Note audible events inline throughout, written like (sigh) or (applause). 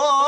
어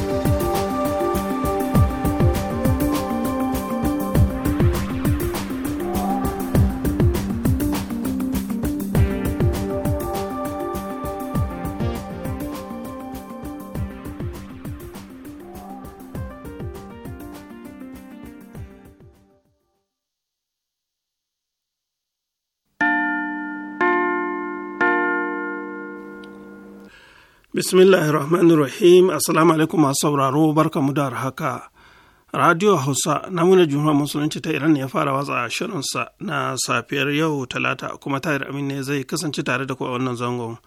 bismillahirrahmanirrahim assalamu alaikum masu sauraro barkamu da haka radio hausa na muna jumhuriyar musulunci ta iran ya fara watsa shirinsa na safiyar yau talata kuma tahir amin ne zai kasance tare da ku wannan zangon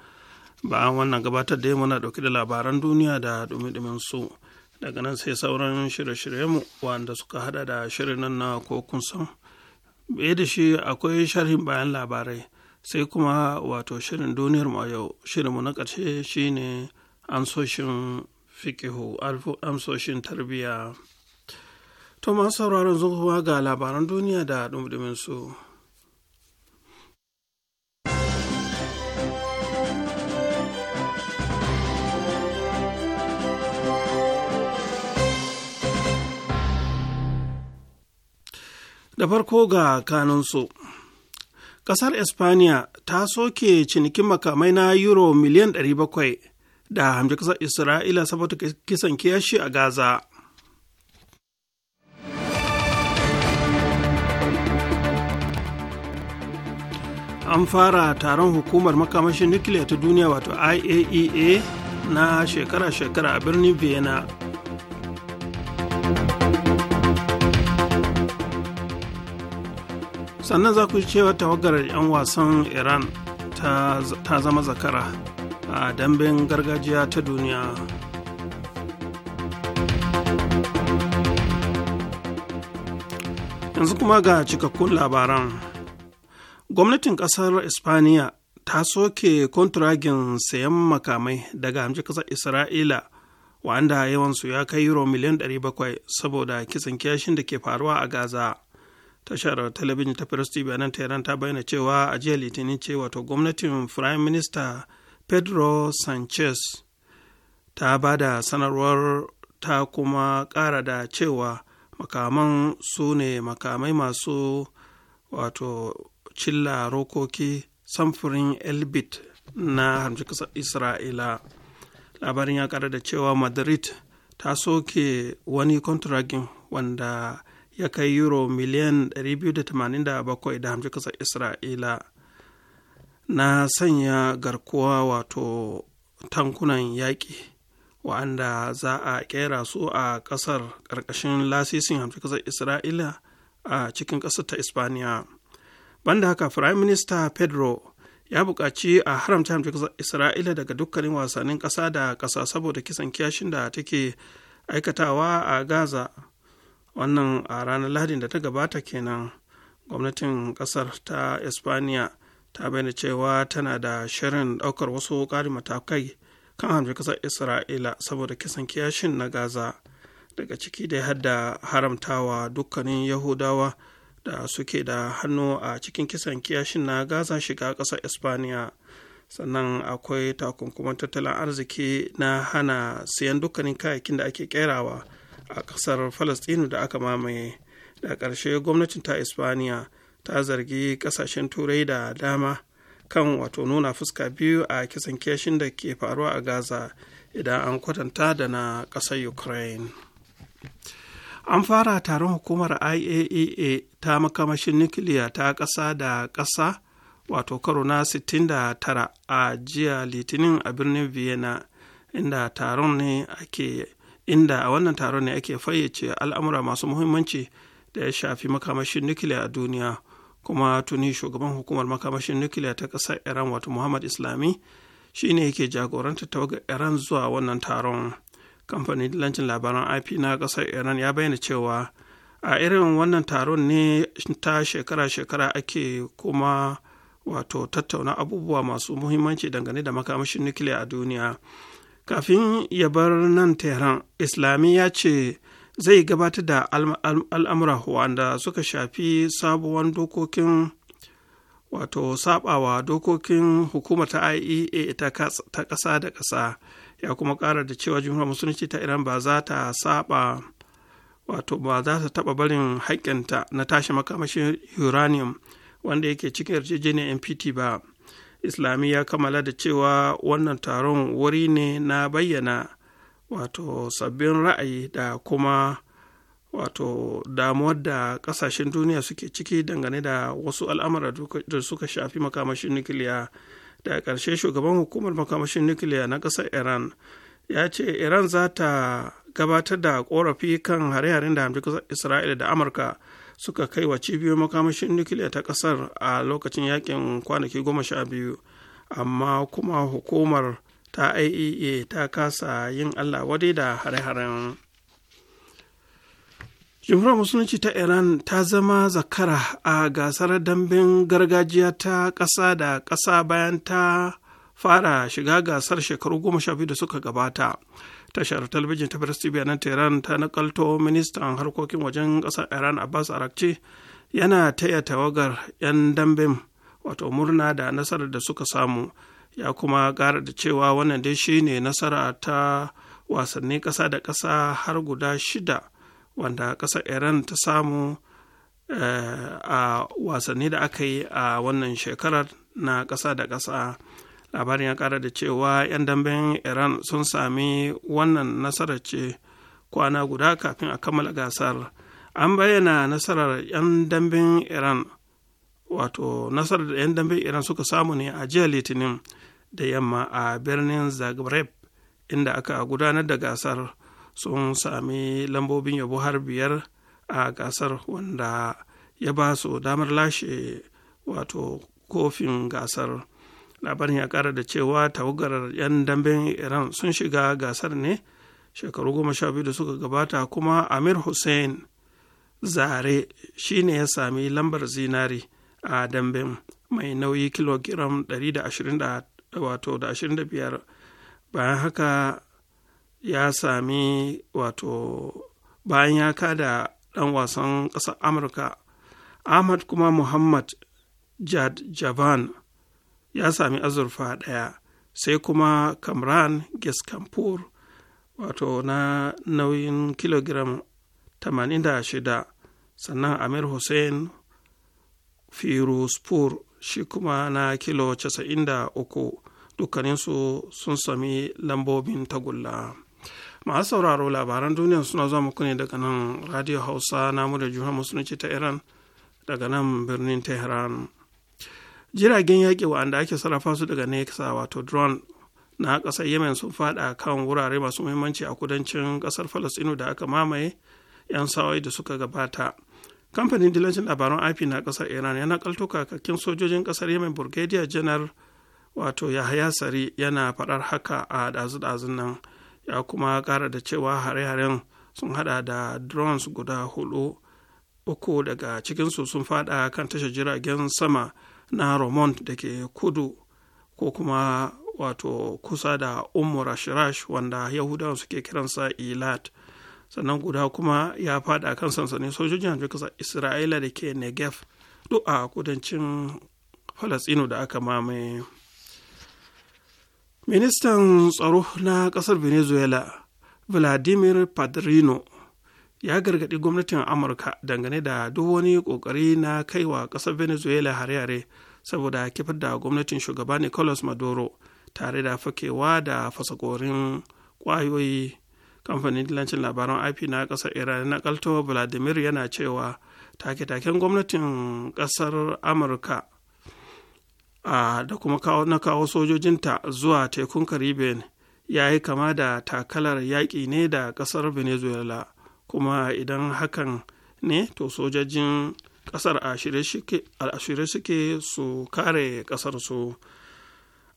bayan wannan gabatar da muna dauke da labaran duniya da dumi su daga nan sai sauran shirye-shiryenmu wanda suka hada da shirin nan na kokun san da shi akwai sharhin bayan labarai sai kuma wato shirin duniyar mu a yau shirinmu na ƙarshe shine amsoshin fikihu amsoshin tarbiyya to masu sauraron zuwa ga labaran duniya da dumdumin su da farko ga kanunsu kasar Espanya ta soke cinikin makamai na Euro miliyan 700 da hamji kasar Isra'ila saboda kisan kiyashi a Gaza. An fara taron hukumar makamashin nukiliya ta duniya wato IAEA e na shekara-shekara a birnin Vienna. sannan za ku ji cewa tawagar 'yan wasan iran ta zama zakara a damben gargajiya ta duniya yanzu kuma ga cikakkun labaran gwamnatin kasar Espaniya ta soke kontragin sayan makamai daga hamci kasar isra'ila wanda yawansu ya kai euro miliyan 700 saboda kisan kiyashin da ke faruwa a gaza tashar talabijin ta Firas TV a nan Tehran ta bayyana cewa a jiya Litinin ce wato gwamnatin Prime Minister Pedro Sanchez ta ba da sanarwar ta kuma kara da cewa makaman su ne makamai masu wato cilla rokoki samfurin elbit na hamshin ƙasar isra'ila labarin ya kara da cewa madrid ta soke wani kontragin wanda ya kai euro miliyan 287 da hamshi kasar isra'ila na sanya garkuwa wato tankunan yaƙi wa'anda za a kera su a ƙasar ƙarƙashin lasisin hamshi kasar isra'ila a cikin ƙasar ta ispaniya banda haka prime minista pedro ya buƙaci a haramta hamshi kasar isra'ila daga dukkanin wasannin ƙasa da ƙasa saboda kisan kiyashin da take aikatawa a gaza wannan a ranar lahadin da ta gabata kenan gwamnatin kasar ta espaniya ta bayyana cewa tana da shirin daukar wasu karin matakai kan hamshe kasar isra'ila saboda kisan kiyashin na gaza daga ciki dai har da haramtawa dukkanin yahudawa da suke da hannu a cikin kisan kiyashin na gaza shiga kasar espaniya sannan akwai takunkuman tattalin arziki na hana siyan dukkanin kayayyakin da ake kerawa a ƙasar falastinu da aka mamaye da ƙarshe gwamnatin ta ispaniya ta zargi ƙasashen turai da dama kan wato nuna fuska biyu a kisan keshin da ke faruwa a gaza idan an kwatanta da na ƙasar ukraine an fara taron hukumar iaea e ta makamashin nukiliya ta ƙasa da ƙasa wato karo na 69 a jiya litinin a birnin vienna inda taron ne ake inda a wannan taron ne ake fayyace al'amura masu muhimmanci da ya shafi makamashin nukiliya a duniya kuma tuni shugaban hukumar makamashin nukiliya ta ƙasar iran wato muhammad islami shine yake jagorantar tawagar iran zuwa wannan taron kamfanin lancin labaran ip na ƙasar iran ya bayyana cewa a irin wannan taron ne ta shekara-shekara ake kuma wato tattauna abubuwa masu muhimmanci dangane da makamashin nukiliya a duniya kafin ya bar nan tehran islami ya ce zai gabatar da al'amura wanda suka shafi sabuwan dokokin wato sabawa dokokin hukumar ta IEA ta kasa da kasa ya kuma ƙara da cewa jimhuriyar musulunci ta Iran ba za ta saba wato ba za ta taɓa barin haƙƙinta na tashi makamashin uranium wanda yake cikin yarjejeniyar NPT ba islami ya kammala da cewa wannan taron wuri ne na bayyana wato sabbin ra'ayi da kuma wato damuwar da kasashen duniya suke ciki dangane da wasu al'amura da suka shafi makamashin nukiliya da karshe shugaban hukumar makamashin nukiliya na ƙasar iran ya ce iran za ta gabatar da korafi kan hare-haren da hamdi isra'ila da amurka suka kai wa cibiyoyin makamashin nukiliya ta ƙasar a lokacin yakin kwanaki goma sha biyu amma kuma hukumar ta IEA e ta kasa yin allah wadai da hare-haren jamhuriyar musulunci ta iran ta zama zakara a gasar dambin gargajiya ta kasa da kasa bayan ta fara shiga gasar shekaru goma sha biyu da suka gabata tashar talabijin ta Press na nan Tehran ta nakalto ministan harkokin wajen ƙasar Iran Abbas Arakci yana taya tawagar 'yan damben wato murna da nasarar da suka samu ya kuma kara da cewa wannan dai shine nasara ta wasanni kasa da kasa har guda shida wanda ƙasar Iran ta samu eh, a wasanni da aka yi a wannan shekarar na kasa da kasa labarin ya kara da cewa 'yan damben iran sun sami wannan nasarar ce kwana guda kafin a kammala gasar an bayyana nasarar 'yan damben iran wato nasarar da 'yan damben iran suka samu ne a jiya litinin da yamma a birnin zagreb inda aka gudanar da gasar sun sami lambobin yabo har biyar a gasar wanda ya ba su damar lashe wato kofin gasar labarin ya kara da cewa tawagarar 'yan damben iran sun shiga gasar ne shekaru goma sha biyu da suka gabata kuma amir hussein zare shine ya sami lambar zinari a damben mai nauyi kilogiram 125 bayan haka ya sami wato bayan ya kada dan wasan ƙasar amurka ahmad kuma muhammad jad javan ya sami azurfa ɗaya sai kuma kamran gaskampur wato na nauyin kilogiram 86 sannan amir hussein firuspur shi kuma na kilo 93 dukkaninsu sun sami lambobin tagulla masu sauraro labaran duniya suna zuwa muku ne daga nan radio hausa namu da juna musulunci ta iran daga nan birnin tehran jiragen yaƙi wa'anda ake sarrafa su daga nesa wato drone na ƙasar yemen sun fada kan wurare masu muhimmanci a kudancin ƙasar falastinu da aka mamaye 'yan sawai da suka gabata kamfanin dilancin labaran ip na ƙasar iran yana kalto kakakin sojojin ƙasar yemen burgadiya janar wato yahaya sari yana faɗar haka a ɗazu-ɗazun nan ya kuma ƙara da cewa hare-haren sun hada da drones guda hudu uku daga cikinsu sun fada kan tashar jiragen sama na romont da ke kudu ko kuma wato kusa da ummu rashirash wanda yahudawan suke kiransa ilat sannan guda kuma ya fada kan sansanin sojojin kasa isra'ila da ke negev duk a kudancin falasino da aka mamaye ministan tsaro na kasar venezuela vladimir padrino ya gargaɗi gwamnatin amurka dangane da duk wani ƙoƙari na kaiwa ƙasar venezuela hare-hare saboda kifar da gwamnatin shugaba nicolas maduro tare da fakewa da fasakorin ƙwayoyi kamfanin dillancin labaran ip na ƙasar iran na kalto vladimir yana cewa take-taken gwamnatin ƙasar amurka da kuma na kawo sojojinta zuwa tekun caribbean ya yi kama da takalar yaƙi ne da ƙasar venezuela kuma idan hakan ne to sojojin kasar a suke su kare kasar su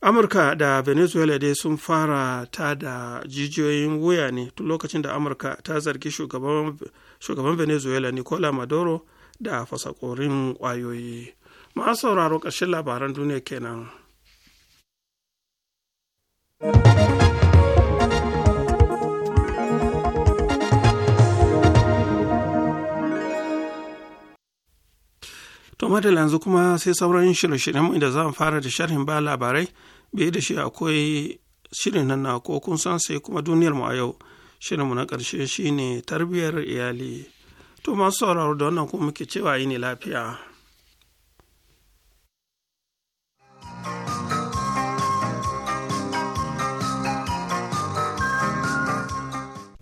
amurka da venezuela dai sun fara ta da jijiyoyin wuya ne tun lokacin da amurka ta zargi shugaban venezuela nicola maduro da fasakorin ƙwayoyi masu sauraro ƙarshen labaran duniya kenan. To madalla yanzu kuma sai sauran shirye-shiryenmu da mu fara da sharhin ba labarai bai da shi akwai shirin nan na ko kun san sai kuma duniyar mu a yau shirin mu na karshe shine tarbiyyar iyali. To masu sauraro da wannan kuma muke cewa yi ne lafiya.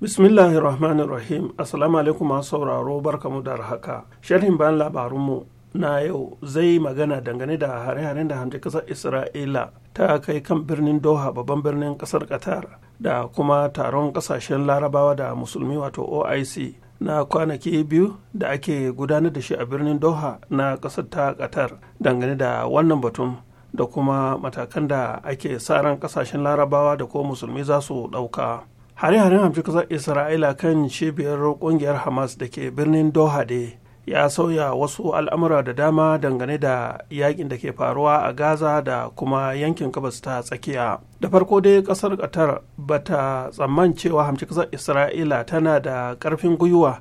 Bismillahirrahmanirrahim. Assalamu alaikum masu sauraro barkamu da haka. Sharhin bayan labarunmu na yau zai magana dangane da hare-haren da hamji kasar isra'ila ta kai kan birnin doha babban birnin kasar qatar da kuma taron kasashen larabawa da musulmi wato oic na kwanaki biyu da ake gudanar da shi a birnin doha na kasar ta qatar dangane da wannan batun da kuma matakan da ake sa ran kasashen larabawa da ko musulmi za su ɗauka. hare-haren hamshi kasar isra'ila kan cibiyar ƙungiyar hamas da ke birnin doha da ya sauya wasu al'amura da dama dangane da yakin da ke faruwa a gaza da kuma yankin gabas ta tsakiya da farko dai kasar qatar ba ta tsamman cewa hamci kasar isra'ila tana da karfin gwiwa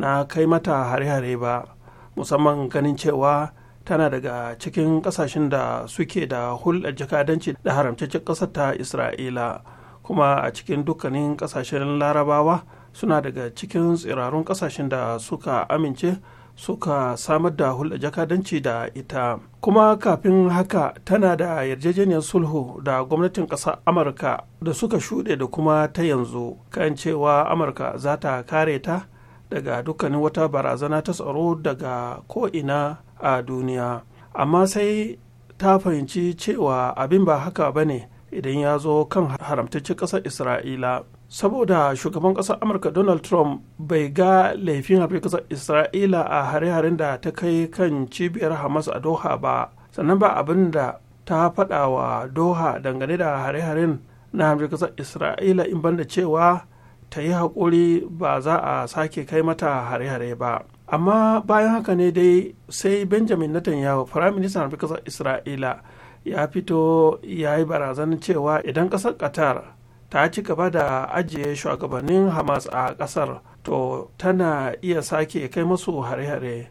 na kai mata hare-hare ba musamman ganin cewa tana daga cikin kasashen da suke da hulɗar jakadanci da haramcaccen ƙasar ta isra'ila kuma a cikin dukkanin kasashen larabawa suna daga cikin tsirarun kasashen da suka amince suka samar da hulɗa jakadanci da ita kuma kafin haka tana da yarjejeniyar sulhu da gwamnatin ƙasar amurka da suka shuɗe da kuma ta yanzu kan cewa amurka za ta kare ta daga dukkanin wata barazana ta tsaro daga ko'ina a duniya amma sai ta fahimci cewa abin ba haka ba ne idan ya zo kan haramtacci ƙasar isra'ila saboda shugaban ƙasar amurka donald trump bai ga laifin hafi ƙasar isra'ila a hare-haren da ta kai kan cibiyar hamas a doha ba sannan ba abin da ta faɗa wa doha dangane da hare-haren na hafi ƙasar isra'ila in banda cewa ta yi haƙuri ba za a sake kai mata hare-hare ba amma bayan haka ne dai sai benjamin netanyahu firaministan hafi ƙasar isra'ila ya fito ya yi barazanin cewa idan ƙasar qatar ta ci gaba da ajiye shugabannin hamas a kasar to tana iya sake kai masu hare-hare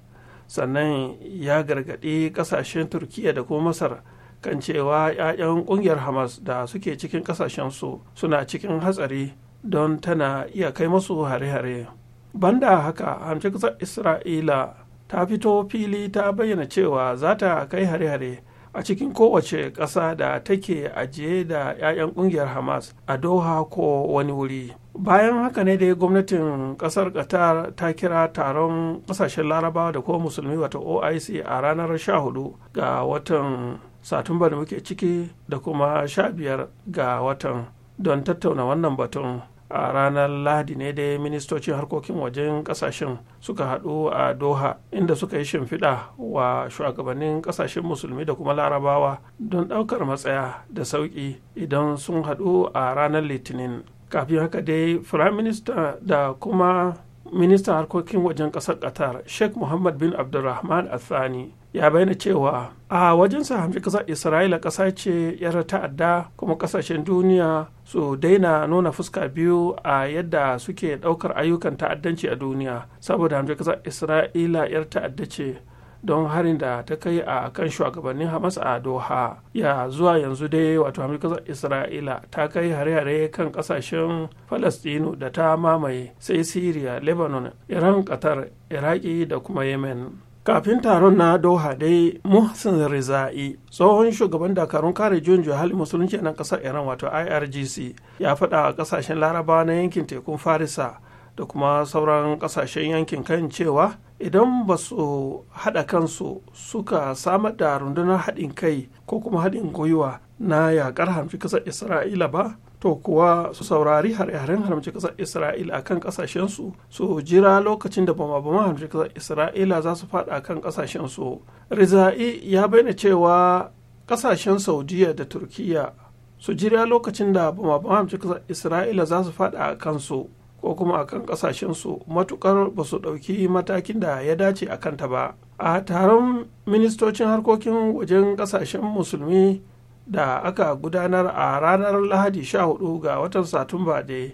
sannan ya gargaɗi ƙasashen turkiya da kuma masar kan cewa 'ya'yan ƙungiyar hamas da suke cikin ƙasashensu suna cikin hatsari don tana iya kai masu hare-hare banda haka hamshin isra'ila ta fito fili ta bayyana cewa za ta kai hare-hare a cikin kowace ƙasa da take ajiye da 'ya'yan ƙungiyar hamas a doha ko wani wuri bayan haka ne dai gwamnatin ƙasar qatar ta kira taron ƙasashen larabawa da kuma musulmi wata oic a ranar 14 ga watan satumba da muke ciki da kuma 15 ga watan don tattauna wannan batun a ranar lahadi ne dai ministocin harkokin wajen kasashen suka hadu a doha inda suka yi shimfiɗa wa shugabannin kasashen musulmi da kuma larabawa don ɗaukar matsaya da sauƙi idan sun hadu a ranar litinin kafin haka dai firayim da kuma ministan harkokin wajen ƙasar qatar sheikh muhammad bin abdulrahman athani ya bayyana cewa a wajen hamshi ƙasar isra'ila ƙasa ce yar ta'adda kuma ƙasashen duniya su daina nuna fuska biyu a yadda suke ɗaukar ayyukan ta'addanci a duniya saboda hamshi isra'ila yar ta'adda ce don harin da ta kai a kan shugabannin hamas a doha ya zuwa yanzu dai wato amurka isra'ila ta kai hare-hare kan kasashen falastinu da ta mamaye sai syria lebanon iran qatar iraki da kuma yemen kafin taron na doha dai muhsin rizai tsohon shugaban dakarun kare juyin hali musulunci na kasar iran wato irgc ya faɗa a ƙasashen larabawa na yankin tekun farisa da kuma sauran ƙasashen yankin kan cewa idan ba su haɗa kansu suka samar da rundunar haɗin kai ko kuma haɗin gwiwa na yaƙar hamfi ƙasar isra'ila ba to kuwa su saurari har-haren haramci ƙasar isra'ila a kan ƙasashensu su jira lokacin da bama-bama haramci ƙasar isra'ila za su faɗa a kan ƙasashensu riza'i ya bayyana cewa ƙasashen saudiya da turkiya su jira lokacin da bama-bama haramci ƙasar isra'ila za su faɗa a kansu ko kuma a kan ƙasashensu matuƙar ba su ɗauki matakin da ya dace a kanta ba a taron ministocin harkokin wajen ƙasashen musulmi da aka gudanar a ranar lahadi 14 ga watan satumba da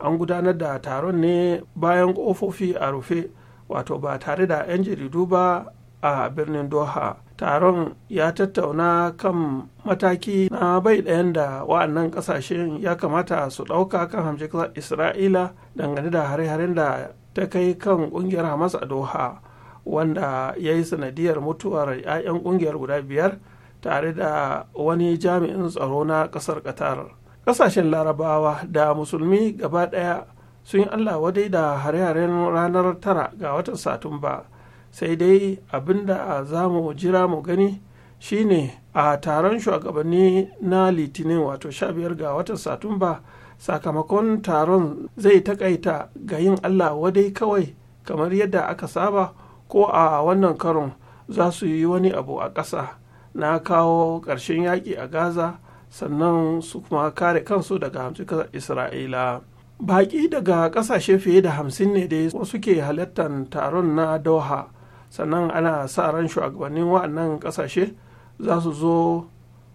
an gudanar da taron ne bayan ƙofofi a rufe wato ba tare da 'yan jaridu ba a birnin doha taron ya tattauna kan mataki na bai ɗayan da wa'annan ƙasashen ya kamata su ɗauka kan hamjikar isra'ila dangane da hare-haren da ta kai kan ƙungiyar hamas a doha wanda ya yi sanadiyar mutuwar 'ya'yan ƙungiyar guda biyar tare da wani jami'in tsaro na ƙasar qatar ƙasashen larabawa da musulmi gaba ɗaya sun yi allah wadai da hare-haren ranar tara ga watan satumba sai dai abin da za mu jira mu gani shine a taron shugabanni na litinin wato 15 ga watan satumba sakamakon taron zai takaita ga yin allah wadai kawai kamar yadda aka saba ko a wannan karon za su yi wani abu a ƙasa na kawo ƙarshen yaƙi a gaza sannan su kuma kare kansu daga hamsin kasar isra'ila baƙi daga ƙasashe fiye da hamsin ne dai wasu ke halartar taron na doha sannan ana sa ran shugabannin wa'annan ƙasashe za su zo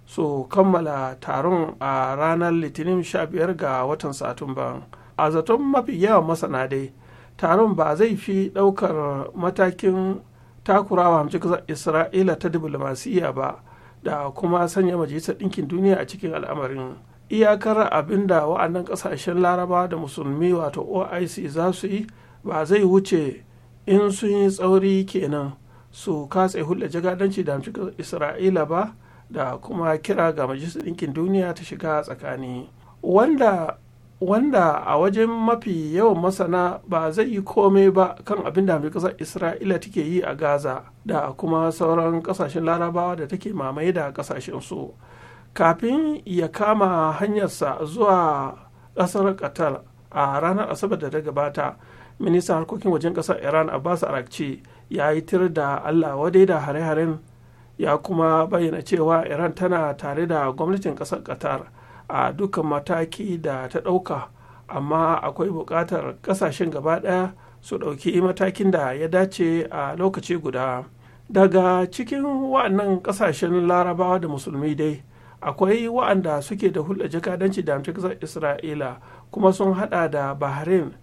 su kammala taron a ranar litinin 15 ga watan satumba a zaton mafi yawan masana dai taron ba zai fi ɗaukar matakin takurawa hamci kasar isra'ila ta diplomasiyya ba da kuma sanya majalisar ɗinkin duniya a cikin al'amarin iyakar abin da wa'annan ƙasashen laraba da musulmi wato oic za su yi ba zai wuce in sun yi tsauri kenan su katse hulɗa jagadanci da hamci isra'ila ba da kuma kira ga majalisar ɗinkin duniya ta shiga tsakani wanda wanda a wajen mafi yawan masana ba zai yi komai ba kan abin da kasar isra'ila take yi a gaza da kuma sauran kasashen larabawa da take mamaye da ƙasashen su kafin ya kama hanyarsa zuwa kasar qatar a ranar asabar da ta gabata ministan harkokin wajen kasar iran abbas arakci ya yi tir da allah wadai da hare-haren ya kuma bayyana cewa iran tana tare da gwamnatin kasar qatar a dukkan mataki da ta ɗauka amma akwai buƙatar ƙasashen gaba ɗaya su ɗauki matakin da ya dace a lokaci guda daga cikin wa'annan ƙasashen larabawa da musulmi dai akwai wa'anda suke da hulɗa jakadanci da amsar isra'ila kuma sun hada da bahrain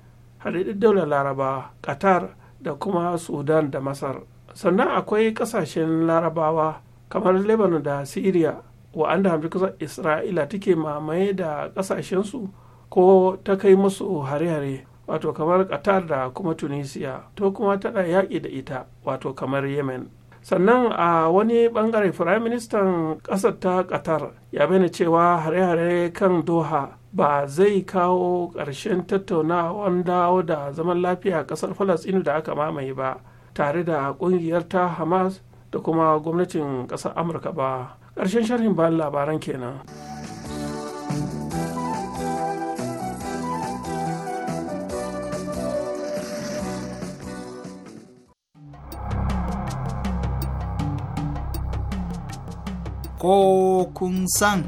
haɗaɗɗen daular laraba qatar da kuma sudan da masar sannan akwai ƙasashen larabawa kamar lebanon da syria wa'anda kusa isra'ila take mamaye da ƙasashensu ko ta kai musu hare-hare wato kamar qatar da kuma tunisia to kuma tana yaƙi da ita wato kamar yemen sannan a wani bangare firaministan ƙasar ta qatar ya bayyana cewa hare-hare kan doha ba zai kawo ƙarshen tattaunawar dawo da zaman lafiya a ƙasar falastinu da aka mamaye ba tare da ƙungiyar ta hamas da kuma gwamnatin ƙasar amurka ba ƙarshen sharhin bayan labaran kenan. ko kun san.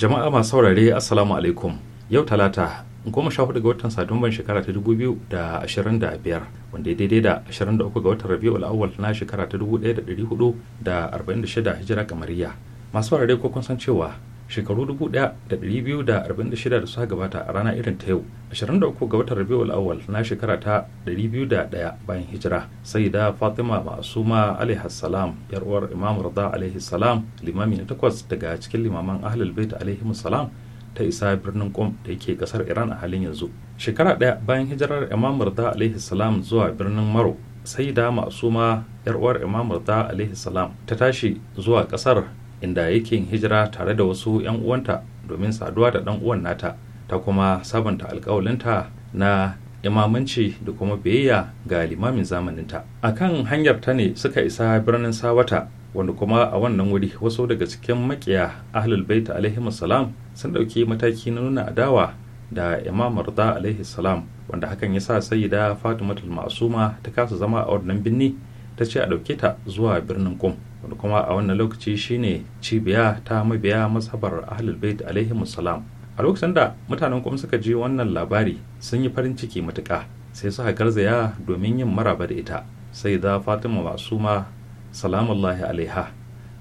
Jama'a masu saurare Assalamu alaikum yau talata goma sha hudu ga watan satumban shekara ta dubu biyu da ashirin da biyar wanda ya daidai da ashirin da uku ga watan rabi'ul awwal na shekara ta dubu ɗaya da ɗari hudu da arba'in da shida hijira kamariya masu warare ko kun san cewa shekaru dubu ɗaya da biyu da da da arba'in shida suka gabata a rana irin ta yau ashirin da uku ga watan rabiul awal na shekara ta biyu da ɗaya bayan hijira sai da fatima ma'asuma alaihi salam yar uwar imam rada alaihi salam limami na takwas daga cikin limaman ahlul bait alaihi salam ta isa birnin Qom da yake kasar Iran a halin yanzu. Shekara ɗaya bayan hijirar Imam Murda alaihi salam zuwa birnin Maro, sai da Ma'suma yar uwar Imam Murda alaihi salam ta tashi zuwa kasar inda yake hijira tare da wasu 'yan uwanta domin saduwa da ɗan uwan nata, ta kuma sabanta alƙawalinta na imamanci da kuma biyayya ga limamin zamaninta a kan hanyar ta ne suka isa birnin sawata wanda kuma a wannan wuri wasu daga cikin makiya ahlul bait alaihi salam sun dauki mataki na nuna adawa da imam rida alaihi salam wanda hakan ya sa sayyida fatimatu ma'suma ta kasa zama a wannan binni ta ce a dauke ta zuwa birnin kum wanda kuma a wannan lokaci shine cibiya ta mabiya mazhabar ahlul bait alaihi salam a lokacin da mutanen kum suka ji wannan labari sun yi farin ciki matuka sai suka garzaya domin yin maraba da ita sai da fatima masuma Lahi alaiha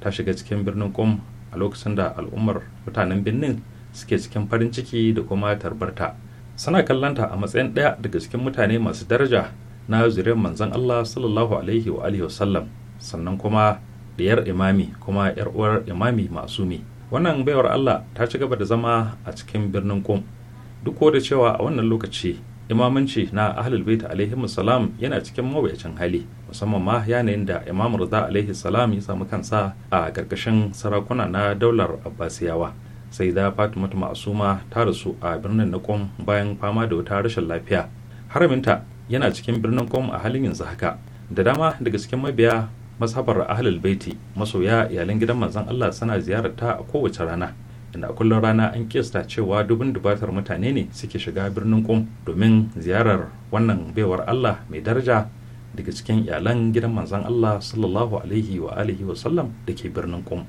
ta shiga cikin birnin kum a lokacin da al'ummar mutanen birnin suke cikin farin ciki da kuma tarbarta suna kallanta a matsayin ɗaya daga cikin mutane masu daraja na zuriyar manzon Allah sallallahu alaihi wa alihi wasallam sannan kuma diyar imami kuma yar uwar imami masu mi wannan baiwar Allah ta ci gaba da zama a cikin birnin kum duk da cewa a wannan lokaci imamanci na ahlul bait alaihi salam yana cikin mawuyacin hali musamman ma yanayin da imam rida alaihi salam ya samu kansa a karkashin sarakuna na daular abbasiyawa sai da fatimatu ma'asuma ta rasu a birnin na kom bayan fama da wata rashin lafiya haraminta yana cikin birnin kom a halin yanzu haka da dama daga cikin mabiya masabar ahlul baiti masoya iyalan gidan manzon Allah suna ziyararta a kowace rana Ina kullum rana an kiyasta cewa dubin dubatar mutane ne suke shiga birnin kum domin ziyarar wannan baiwar Allah mai daraja daga cikin iyalan gidan manzan Allah sallallahu alaihi wa alihi wa sallam da ke birnin Qum.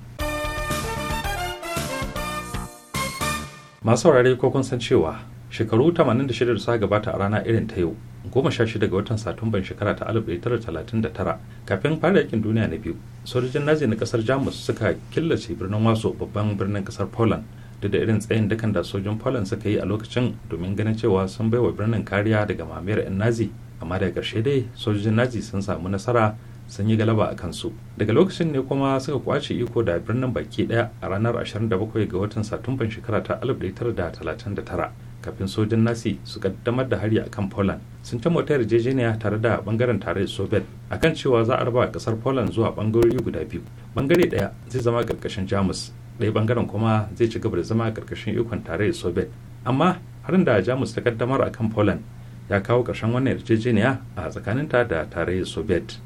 Masu saurare ko kun san cewa shekaru 86 da suka gabata a rana irin ta yau goma sha shida ga watan satumban shekara ta 1939 kafin fara yakin duniya na biyu sojojin nazi na kasar jamus suka killace birnin wasu babban birnin kasar poland duk da irin tsayin dukan da sojin poland suka yi a lokacin domin ganin cewa sun baiwa birnin kariya daga mamayar yan nazi amma daga ƙarshe dai sojojin nazi sun samu nasara sun yi galaba a kansu daga lokacin ne kuma suka kwace iko da birnin baki daya a ranar 27 ga watan satumban shekara ta 1939 kafin sojin nasi su kaddamar da hari akan poland sun ta motar yarjejeniya tare da bangaren tarayyar soviet akan cewa za a raba kasar poland zuwa bangarori guda biyu bangare daya zai zama karkashin jamus ɗaya bangaren kuma zai ci gaba da zama karkashin ikon tare tarayyar soviet amma harin da jamus ta kaddamar akan poland ya kawo ƙarshen wannan yarjejeniya a tsakaninta da tarayyar soviet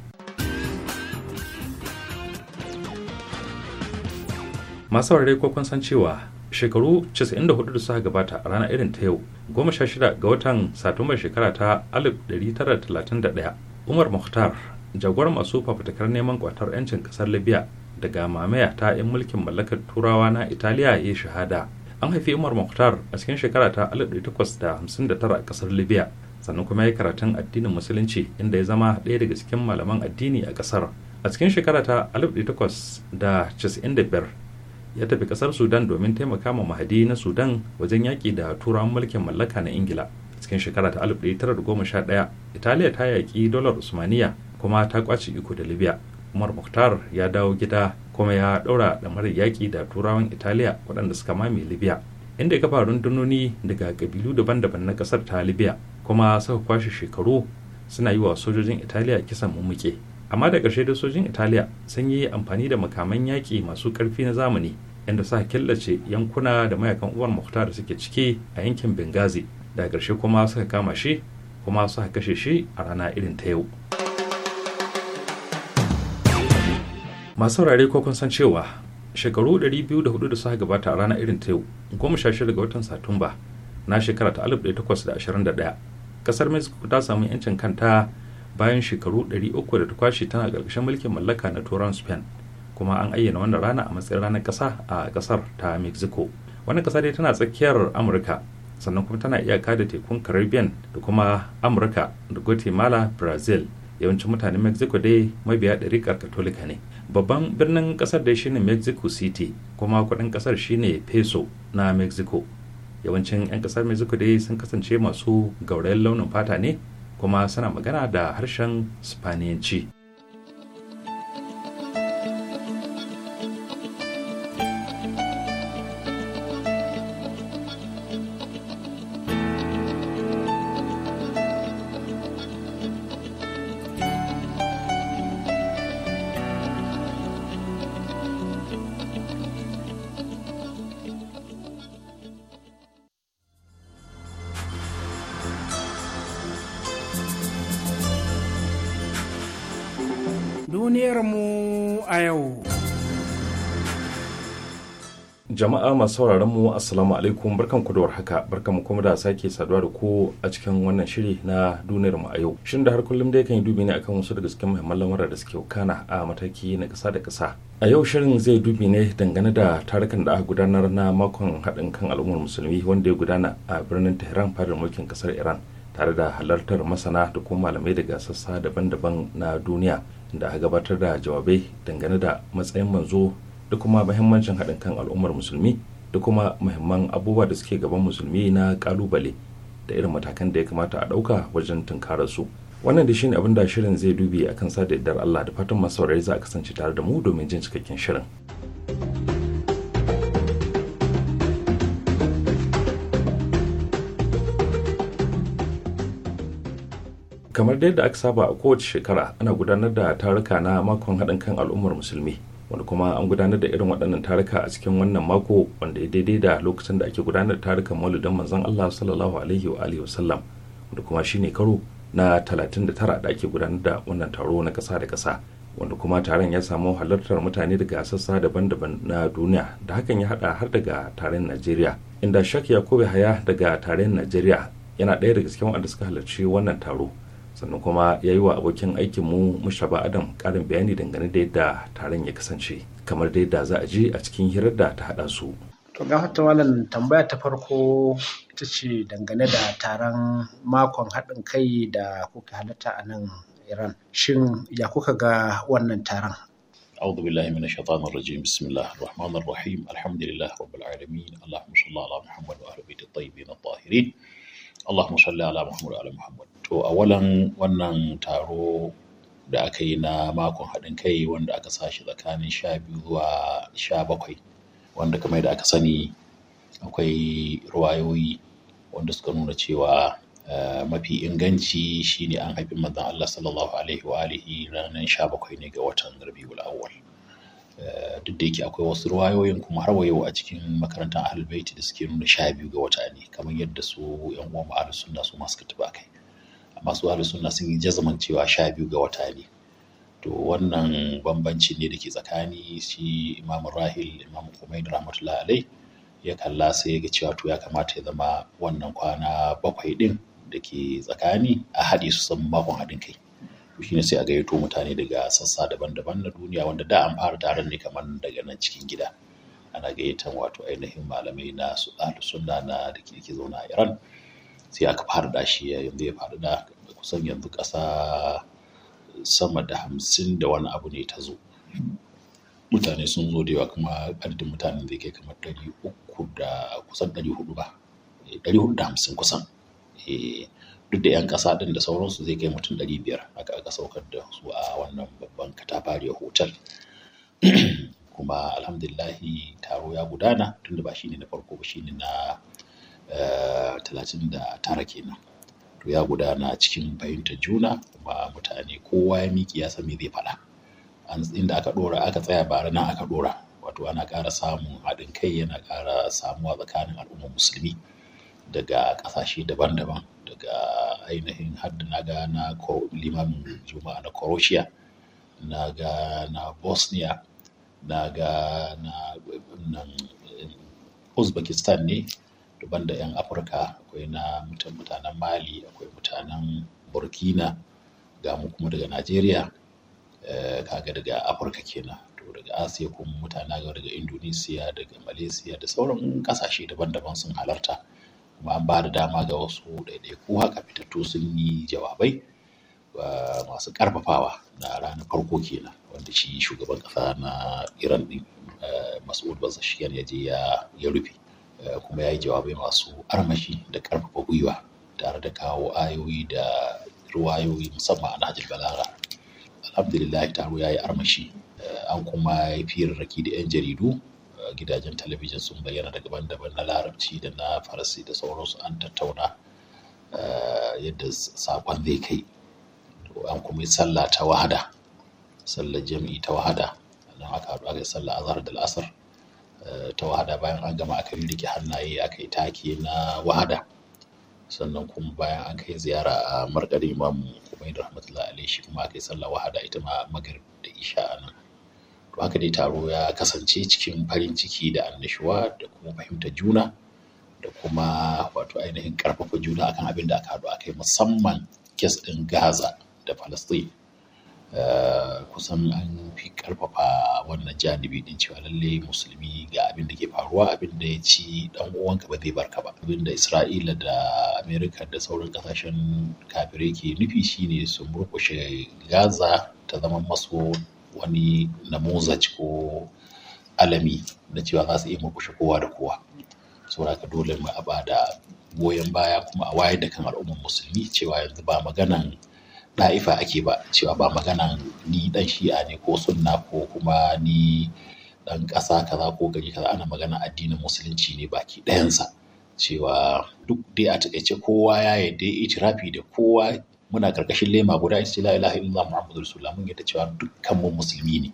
masu warare ko kun san cewa shekaru 94 da suka gabata a ranar irin ta yau 16 ga watan satumbar shekara ta 1931 umar mukhtar jagoran masu fafutukar neman kwatar 'yancin kasar libya daga mamaya ta 'yan mulkin mallakar turawa na italiya ya shahada an haifi umar mukhtar a cikin shekara ta 1859 a kasar libya sannan kuma ya karatun addinin musulunci inda ya zama ɗaya daga cikin malaman addini a ƙasar a cikin shekara ta 1895 ya tafi ƙasar sudan domin taimaka ma mahadi na sudan wajen yaƙi da turawan mulkin mallaka na ingila a cikin shekara ta 1911 italiya ta yaƙi dolar usmaniya kuma ta kwace iko da libya umar muktar ya dawo gida kuma ya ɗaura mara yaƙi da turawan italiya waɗanda suka mame libya inda ya kafa rundunoni daga kabilu daban-daban na ƙasar ta libya kuma suka kwashe shekaru suna yi wa sojojin italiya kisan mummuke amma da ƙarshe da sojojin italiya sun yi amfani da makaman yaƙi masu ƙarfi na zamani inda suka killace yankuna da mayakan uwar muktar da suke ciki a yankin bengazi da ƙarshe kuma suka kama shi kuma suka kashe shi a rana irin ta yau masu saurare ko kun san cewa shekaru 204 da suka gabata a rana irin ta yau 16 ga watan satumba na shekara ta 1821 kasar mexico ta samu yancin kanta bayan shekaru 300 da ta kwashe tana ƙarƙashin mulkin mallaka na turan spain kuma an ayyana wannan rana a matsayin ranar ƙasa a ƙasar ta mexico wannan ƙasa dai tana tsakiyar amurka sannan kuma tana iyaka da tekun caribbean da kuma amurka da guatemala brazil yawancin mutanen mexico dai mabiya ɗariƙar katolika ne babban birnin ƙasar dai shine mexico city kuma kuɗin ƙasar shine peso na mexico yawancin 'yan kasar mexico dai sun kasance masu gaurayen launin fata ne kuma suna magana da harshen spaniyanci jama'a masu sauraron mu assalamu alaikum barkan ku da warhaka barkan mu kuma da sake saduwa da ku a cikin wannan shiri na duniyar mu a yau shin da har kullum dai kan yi dubi ne akan wasu daga cikin muhimman lamura da suke kana a mataki na kasa da kasa a yau shirin zai dubi ne dangane da tarukan da aka gudanar na makon haɗin kan al'ummar musulmi wanda ya gudana a birnin tehran fadar mulkin kasar iran tare da halartar masana da kuma malamai daga sassa daban-daban na duniya da aka gabatar da jawabai dangane da matsayin manzo da kuma muhimmancin haɗin kan al'ummar musulmi da kuma muhimman abubuwa da suke gaban musulmi na kalubale da irin matakan da ya kamata a ɗauka wajen tunkarar su wannan da shine abin da shirin zai dubi akan sa da Allah da fatan masu saurari za a kasance tare da mu domin jin cikakken shirin. kamar da aka saba a kowace shekara ana gudanar da taruka na makon haɗin kan al'ummar musulmi wanda kuma an gudanar da irin waɗannan taruka a cikin wannan mako wanda ya daidai da lokacin da ake gudanar da tarukan mauludan manzon Allah sallallahu alaihi wa alihi wasallam wanda kuma shine karo na 39 da ake gudanar da wannan taro na kasa da kasa wanda kuma taron ya samu halartar mutane daga sassa daban-daban na duniya da hakan ya hada har daga taron Najeriya inda Shak Yakubu Haya daga taron Najeriya yana ɗaya daga cikin waɗanda suka halarci wannan taro sannan kuma ya yi wa abokin aikin aikinmu mushaba adam karin bayani dangane da yadda taron ya kasance kamar da yadda za a je a cikin hirar da ta hada su to gafarta malam tambaya ta farko ita ce dangane da taron makon haɗin kai da kuka halatta a nan iran shin ya kuka ga wannan taron أعوذ بالله من الشيطان الرجيم بسم الله الرحمن الرحيم الحمد لله رب العالمين اللهم صل على محمد وآل بيت الطيبين الطاهرين اللهم صل على محمد وآل محمد to awalan wannan taro da aka yi na makon haɗin kai wanda aka sa shi tsakanin sha biyu zuwa sha bakwai wanda kamar da aka sani akwai ruwayoyi wanda suka nuna cewa eh, mafi inganci shine an haifi manzon Allah sallallahu alaihi wa alihi ranar sha bakwai ne ga watan Rabiul Awwal eh, duk da yake akwai wasu ruwayoyin kuma har yau a cikin makarantar Ahlul Baiti da suke nuna sha biyu ga wata ne kamar yadda su yan uwan Ahlus Sunna su masu suka tafi kai masu ahlus sunna sun yi jazman cewa sha biyu ga wata ne to wannan bambanci ne da ke tsakani shi imam rahil imam kumain rahmatullah alai ya kalla sai ga cewa to ya kamata ya zama wannan kwana bakwai din da ke tsakani a haɗe su san makon haɗin kai to shine sai a gayyato mutane daga sassa daban-daban na duniya wanda da an fara taron ne kaman daga nan cikin gida ana gayyatan wato ainihin malamai na su sunna na da ke zauna a iran sai aka fara da shi yanzu ya da kusan yanzu ƙasa sama da hamsin da wani abu ne ta zo mutane sun zo da yawa kuma adadin mutanen zai kai kamar ɗari uku da kusan ɗari hudu ba eh, ɗari hudu da hamsin kusan eh, duk da 'yan ƙasa ɗin da sauransu zai kai mutum ɗari biyar aka aka saukar da su a wannan babban katafariyar hotel (clears throat) kuma alhamdulillahi taro ya gudana tunda ba shine na farko ba shine na Eh, talatin da tara kenan to ya gudana cikin fahimtar juna ba mutane kowa ya miki ya san me zai faɗa inda aka ɗora aka tsaya bara nan aka ɗora wato ana ƙara samun haɗin kai yana ƙara samuwa tsakanin al'ummar musulmi daga ƙasashe daban-daban daga ainihin hadda na ga na limamin juma'a na croatia na ga na bosnia na ga na uzbekistan ne daban da 'yan afirka akwai na mutanen mali akwai mutanen burkina ga mu kuma daga najeriya eh, kaga daga afirka kenan to daga asiya kuma mutane daga Indonesia, daga malaysia da sauran ƙasashe daban-daban sun halarta kuma an ba da dama ga wasu ɗaiɗaiku haka fitattu sun yi jawabai masu ƙarfafawa na ranar farko kenan wanda shi shugaban ƙasa na iran din eh, mas'ud bazashiyan ya je ya rufe Eh, kuma ya yi jawabai masu armashi da ƙarfafa gwiwa tare da kawo ayoyi da ruwayoyi musamman a Nahajul Balaga. Alhamdulillah taro ya yi armashi eh, an kuma yi raki da 'yan jaridu eh, gidajen talabijin sun bayyana daga daban na larabci da na farasi da sauransu an tattauna yadda sakon zai kai an kuma yi sallah ta wahada sallar jami'i ta wahada nan aka haɗu aka yi sallah azhar da al'asar ta wahada bayan an gama aka rirrike hannaye aka yi take na wahada sannan kuma bayan an kai ziyara a markar imam kumain rahmatullah alaihi shi kuma aka yi sallah wahada ita ma magrib da isha a nan to haka dai taro ya kasance cikin farin ciki da annashuwa da kuma fahimtar juna da kuma wato ainihin karfafa juna akan abin da aka haɗu akai musamman kes ɗin gaza da palestine Eh, kusan an fi karfafa wannan janibi din cewa lallai musulmi ga abin da ke faruwa abin da ya ci dan uwanka ba zai barka ba abin da isra'ila da amerika da sauran ƙasashen kafirai ke nufi shine su murkushe gaza ta zama maso wani namozaj ko alami na cewa za su iya murkushe kowa da kowa saboda haka dole mu aba da goyon baya kuma a wayar da kan al'ummar musulmi cewa yanzu ba maganan ɗa'ifa ake ba cewa ba magana ni ɗan shi'a ne ko sunna ko kuma ni ɗan ƙasa kaza ko gari kaza ana magana addinin musulunci ne baki ɗayansa cewa duk dai a taƙaice kowa ya yadda ya itirafi da kowa muna ƙarƙashin lema guda in ce la ilaha illallah muhammadu rasulullah mun yadda cewa dukkan mu musulmi ne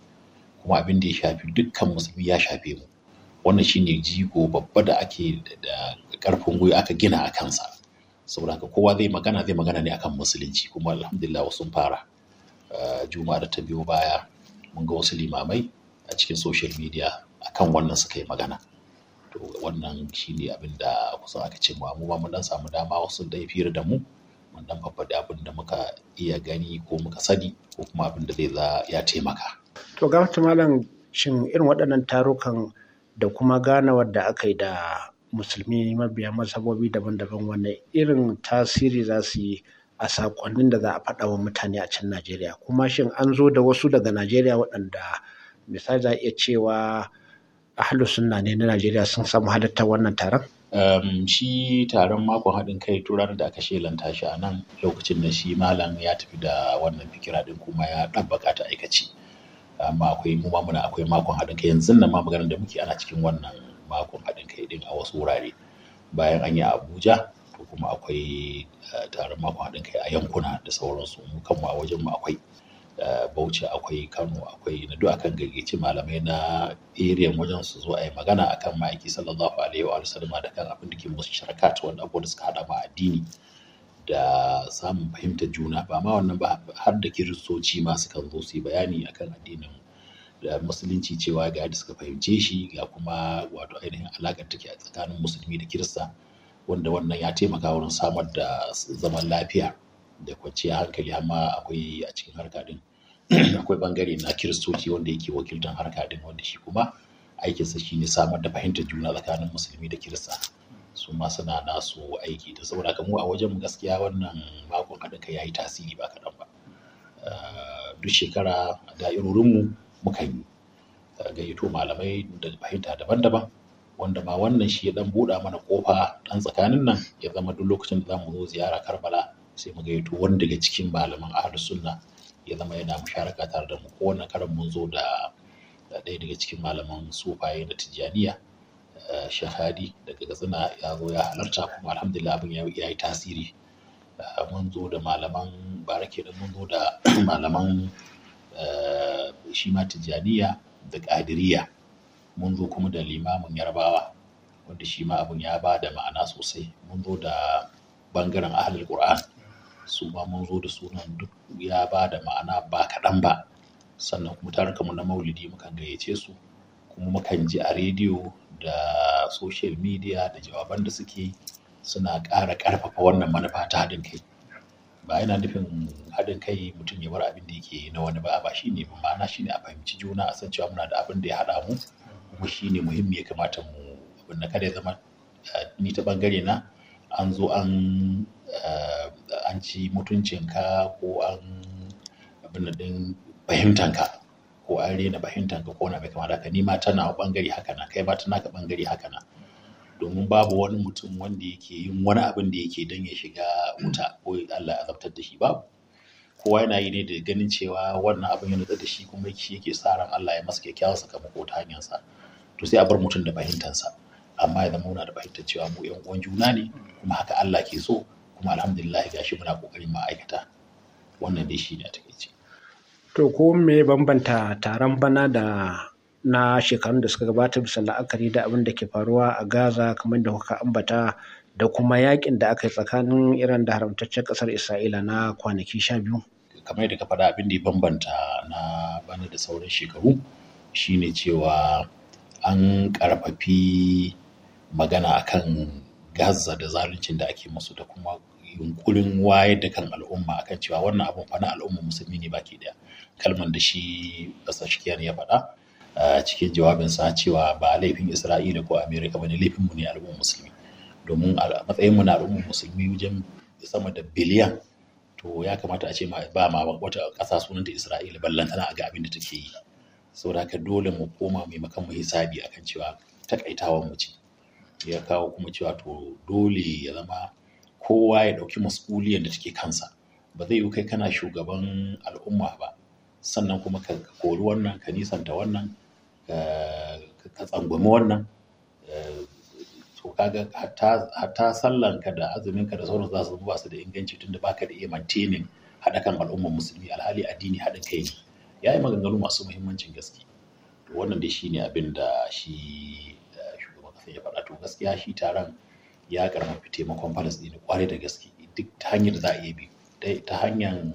kuma abin da ya shafi dukkan musulmi ya shafe mu wannan shine jigo babba da ake da ƙarfin gwiwa aka gina a kansa saboda haka kowa zai magana zai magana ne akan musulunci kuma alhamdulillah wasu fara eh, juma'a da ta biyo baya mun ga wasu limamai a cikin social media akan wannan suka yi magana to wannan shine abin da kusan aka ce mu ba mun dan samu dama wasu da fira da mu mun dan faɗi abin da muka iya gani ko muka sani ko kuma abin da zai za ya taimaka to ga malam shin irin waɗannan tarukan da kuma ganawar da aka yi da musulmi mabiya mazhabobi daban-daban wanne irin tasiri za su yi a sakonnin da za a faɗa wa mutane a can Najeriya kuma shin an zo da wasu daga Najeriya waɗanda misali za a iya cewa ahlu sunna ne na Najeriya sun samu halatta wannan taron? Um, shi taron makon haɗin kai turar da aka shelanta shi a nan lokacin da shi malam ya tafi da wannan fikira ɗin kuma ya ɗabbaka ta aikaci amma akwai mu muna akwai makon haɗin kai yanzu nan ma maganar da muke ana cikin wannan makon haɗin kai ɗin a wasu wurare bayan an yi abuja to kuma akwai eh, taron makon haɗin kai a yankuna da sauransu mu kan ma wajen mu akwai eh, bauchi akwai kano akwai na duk akan gayyaci malamai na area wajen su zo a yi magana akan ma'aiki sallallahu alaihi wa sallam da kan abin da ke musu sharakat wanda abubuwan da suka hada ma addini da samun fahimtar juna ba ma wannan ba har da kiristoci ma sukan zo su yi bayani akan addinin musulunci cewa ga yadda suka fahimce shi ga kuma wato ainihin alaƙar take a tsakanin musulmi da kirista wanda wannan ya taimaka wurin samar da zaman lafiya da kwanciyar hankali amma akwai a cikin harka din (clears throat) akwai bangare na kiristoci wanda yake wakiltar harka din wanda shi kuma aikinsa shi ne samar da fahimtar juna tsakanin musulmi da kirista su ma suna nasu aiki da saboda kamu a wajen gaskiya wannan makon haɗin kai ya yi tasiri ba kaɗan ba ah, duk shekara a da'irorinmu mu mukan gayyato malamai da fahimta daban-daban wanda ma wannan shi ya ɗan buɗa mana kofa ɗan tsakanin nan ya zama duk lokacin da za mu zo ziyara Karbala sai mu gayyato wanda daga cikin malaman Ahlus Sunna ya zama yana musharaka tare da mu ko wannan karan mun zo da ɗaya daga cikin malaman sufaye na Tijjaniya shahadi daga katsina ya zo ya halarta kuma alhamdulillah abin ya yi tasiri mun zo da malaman barake da mun zo da malaman Eh, shi ma da ƙadiriya mun zo kuma da limamin yarbawa wanda shi ma ya ba da ma'ana sosai mun zo da bangaren ahalar ƙur'an su ma mun zo da sunan duk ya ba da ma'ana ba kaɗan ba sannan kuma mu na maulidi mukan gayyace su kuma mukan ji a rediyo da social media da jawaban da suke suna ƙara ƙarfafa wannan manufa ta haɗin kai ba yana nufin haɗin kai mutum ya bar abin da yake na wani ba ba shine ma'ana shine a fahimci juna a san cewa muna da abin da ya haɗa mu kuma shine muhimmi ya kamata mu abin da kada ya zama eh, ni ta bangare na an zo an eh, an ci mutuncinka ko an abin da din fahimtanka ko an rena fahimtanka ko na abu kama da haka ni ma tana bangare haka na kai ma tana ka bangare haka na domin babu wani mutum wanda yake yin wani abin da yake don ya shiga wuta ko Allah ya azabtar da shi babu kowa yana yi ne da ganin cewa wannan abin yana da shi kuma shi yake sa ran Allah ya masa kyakkyawa sakamako ta hanyar sa to sai a bar mutum da fahimtar sa amma ya zama muna da fahimtar cewa mu yan uwan juna ne kuma haka Allah ke so kuma alhamdulillah gashi muna kokarin ma'aikata wannan dai shi ne a takaice to ko me bambanta taron bana da na shekarun da suka gabata bisa la'akari da abin da ke faruwa a gaza kamar da kuka ambata da kuma yaƙin da aka yi tsakanin iran da haramtaccen ƙasar isra'ila na kwanaki sha biyu kamar yadda ka faɗa abin da ya bambanta na bana da sauran shekaru shine cewa an karfafi magana akan gaza da zaluncin da ake musu da kuma yunkurin wayar da kan al'umma akan cewa wannan abin fa na al'umma musulmi ne baki ɗaya, kalmar da shi basashkiyan ya faɗa a cikin jawabinsa cewa ba laifin isra'ila ko amerika bane laifinmu ne al'ummar musulmi domin matsayinmu na al'ummar musulmi wajen sama da biliyan to ya kamata a ce ma ba ma wata ƙasa sunanta isra'ila ballan tana ga abin da take yi saboda haka dole mu koma mai makan mu hisabi akan cewa takaitawan mu ce ya kawo kuma cewa to dole ya zama kowa ya ɗauki mas'uliyar da take kansa ba zai yi kai kana shugaban al'umma ba sannan kuma ka kori wannan ka nisanta wannan ka tsangwami wannan to kaga hatta ka da azumin ka da sauransu za su ba su da inganci tunda baka da iya maintaining haɗa kan al'ummar musulmi alhali addini haɗin kai ne ya yi maganganu masu muhimmancin gaske To wannan dai ne abin da shi eh, shugaban ƙasa ya faɗa to gaskiya shi taron ya karfafi taimakon falasɗini kwarai da gaske duk ta hanyar za a iya bi ta hanyar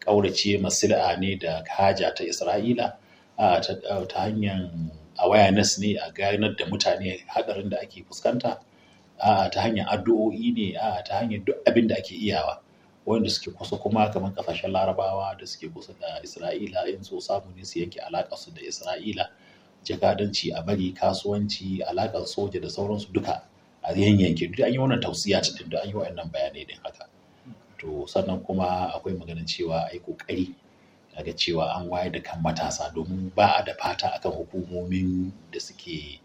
ƙaurace masila ne da haja ta isra'ila ta hanyar awareness ne a ganar da mutane haɗarin da ake fuskanta ta hanyar addu'o'i ne ta hanyar duk abin da ake iyawa wanda suke kusa kuma kamar kasashen larabawa da suke kusa da isra'ila in so samu ne su yanke alaƙa su da isra'ila jakadanci a bari kasuwanci alaƙar soja da sauransu duka a yanyanke duk an yi wannan tausiya cikin da an yi wa'annan bayanai din haka to sannan kuma akwai maganin cewa a yi ƙoƙari a ga cewa an wayar da kan matasa domin ba a da fata akan hukumomin da suke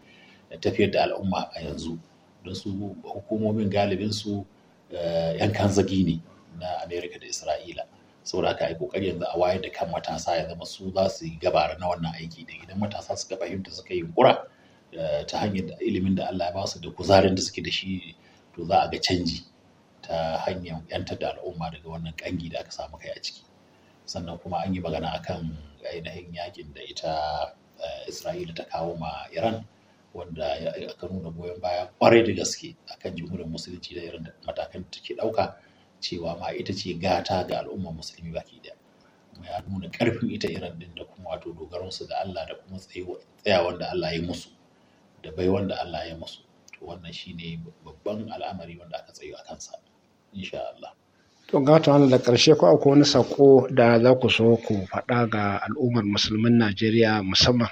tafiyar da al'umma a yanzu don su hukumomin galibin su eh, yan kanzagi ne na amerika da isra'ila saboda aka yi kokari yanzu a wayar da kan matasa ya zama su za su yi gabara na wannan aiki da idan matasa suka fahimta suka yi kura eh, ta hanyar ilimin da Allah ya ba su da kuzarin da suke da shi to za a ga canji ta hanyar 'yantar da al'umma daga wannan kangi da aka samu kai a ciki sannan kuma an yi magana akan ainihin yakin da ita eh, isra'ila ta kawo ma iran wanda aka nuna goyon baya kwarai da gaske akan jimurin musulunci da irin matakan da take ɗauka cewa ma ita ce gata ga al'ummar musulmi baki daya kuma ya nuna ƙarfin ita iran din da kuma wato su da allah da kuma tsayawan da allah ya musu da bai wanda allah ya musu to wannan shine babban al'amari wanda aka tsayo a kansa insha allah to gata wani da ƙarshe ko akwai wani sako da za ku so ku faɗa ga al'ummar musulmin najeriya musamman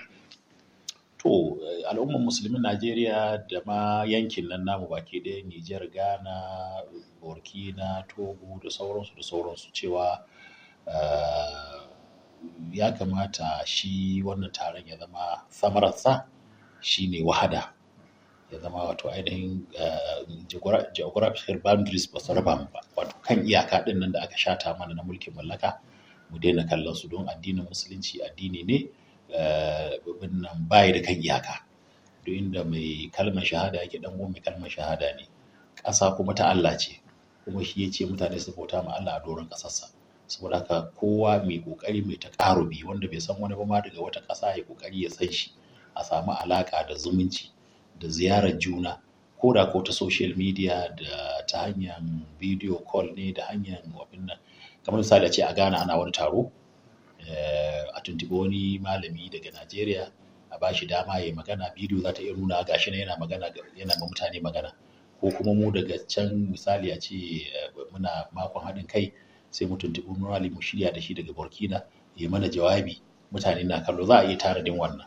to al'ummar musulmin najeriya da ma yankin nan namu baki ɗaya nijar ghana burkina togo da sauransu da sauransu cewa eh, ya kamata shi wannan taron ya zama samararsa ne wahada ya zama wato ainihin eh, geographical boundaries ba su raba mu ba wato kan iyaka ɗin nan da aka shata mana na mulkin mallaka mu daina kallon su don addinin musulunci addini ne eh, nan bayi da kan iyaka duk inda mai kalmar shahada yake dan mai kalmar shahada ne ƙasa kuma ta Allah ce kuma shi ya ce mutane su bauta ma Allah a doron ƙasarsa saboda haka kowa mai ƙoƙari mai ta wanda bai san wani ba ma daga wata ƙasa ya kokari ya san shi a samu alaƙa da zumunci da ziyarar juna ko da ko ta social media da ta hanyar video call ne da hanyar wafin nan kamar misali a ce a Ghana ana wani taro eh, a tuntuɓi wani malami daga Najeriya a ba shi dama ya magana bidiyo za ta iya nuna shi na yana magana yana ma mutane magana ko kuma mu daga can misali a ce eh, muna makon haɗin kai sai mu tuntuɓi malami mu shirya da shi daga Burkina ya mana jawabi mutane na kallo za a iya tara din wannan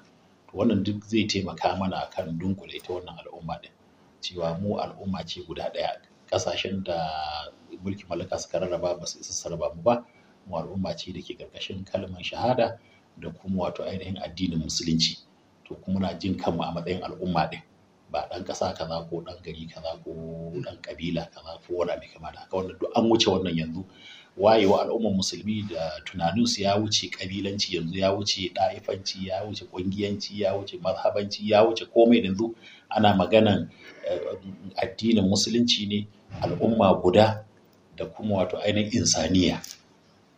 wannan duk zai taimaka mana kan dunkule ita wannan al'umma din cewa mu al'umma ce guda ɗaya ƙasashen da mulki mallaka suka rarraba ba su isa mu ba mu al'umma ce da ke ƙarƙashin kalmar shahada da kuma wato ainihin addinin musulunci to kuma na jin kanmu a matsayin al'umma ɗin ba ɗan ƙasa kaza ko ɗan gari kaza ko ɗan ƙabila kaza ko wani abu kamar haka wannan duk an wuce wannan yanzu wayewa al'ummar musulmi da tunanin su ya wuce ƙabilanci yanzu ya wuce ɗa'ifanci ya wuce ƙungiyanci ya wuce mazhabanci ya wuce komai yanzu ana maganan eh, addinin musulunci ne al'umma guda da kuma wato ainihin insaniya